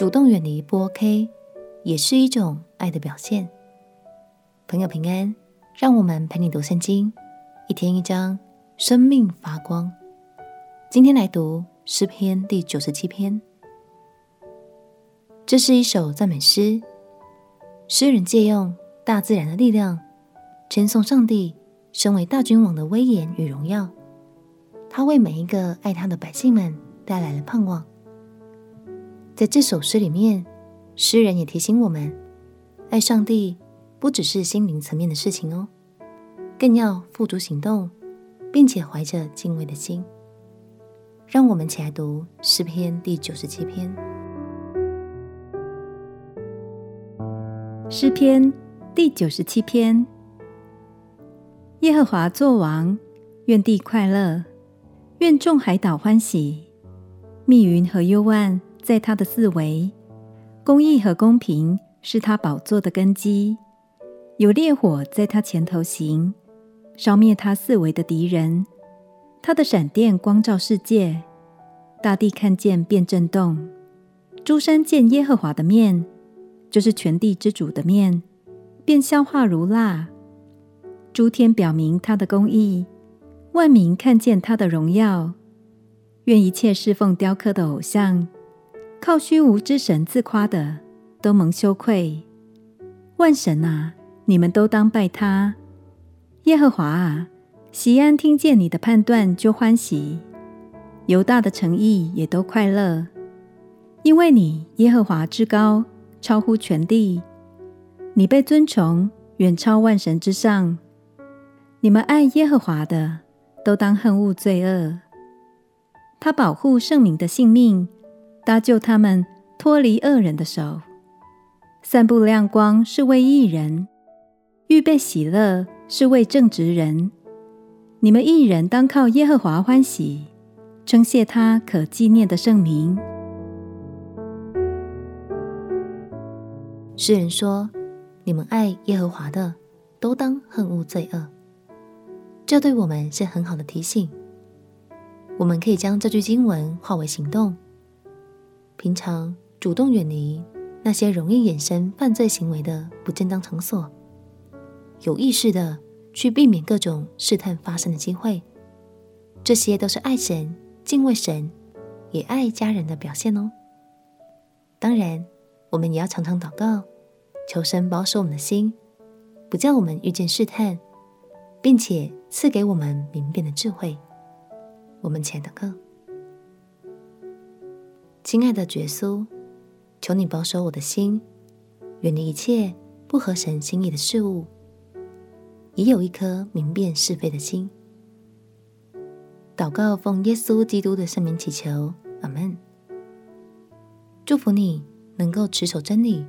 主動遠離不 OK，也是一種愛的表現。朋友平安，讓我們陪你讀聖經，一天一章，生命發光。今天來讀詩篇第九十七篇，這是一首讚美詩。詩人借用大自然的力量，稱頌上帝身為大君王的威嚴與榮耀。他為每一個愛他的百姓們帶來了盼望。在這首詩裡面，詩人也提醒我們，愛上帝不只是心靈層面的事情哦，更要付諸行動，並且懷着敬畏的心。讓我們一起來讀詩篇第九十七篇。詩篇第九十七篇：耶和華作王，願地快樂，願眾海島歡喜，密雲和幽暗，在他的四圍，公義和公平是他寶座的根基。有烈火在他前頭行，燒滅他四圍的敵人。他的閃電光照世界，大地看見便震動；諸山見耶和華的面，就是全地之主的面，便消化如蠟。諸天表明他的公義，萬民看見他的榮耀。願一切侍奉雕刻的偶像，靠虛無之神自誇的都蒙羞愧。萬神啊，你們都當拜他。耶和華啊，錫安聽見你的判斷就歡喜。猶大的城邑也都快樂，因為你耶和華至高，超乎全地。你被尊崇，遠超萬神之上。你們愛耶和華的，都當恨惡罪惡。他保護聖民的性命。搭救他們脫離惡人的手，散布亮光是為義人，預備喜樂是為正直人。你們義人當靠耶和華歡喜，稱謝他可紀念的聖名。詩人說：“你們愛耶和華的，都當恨惡罪惡。”這對我們是很好的提醒。我們可以將這句經文化為行動。平常主動遠離那些容易衍生犯罪行為的不正當場所，有意識的去避免各種試探發生的機會，這些都是愛神、敬畏神、也愛家人的表現哦。當然，我們也要常常禱告，求神保守我們的心，不叫我們遇見試探，並且賜給我們明辨的智慧。我們親愛的課。親愛的耶穌，求你保守我的心，遠離一切不合神心意的事物，也有一顆明辨是非的心。禱告奉耶穌基督的聖名祈求，阿門。祝福你能夠持守真理，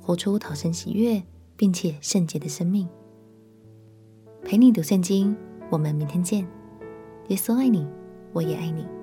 活出討神喜悅並且聖潔的生命。陪你讀聖經，我們明天見。耶穌愛你，我也愛你。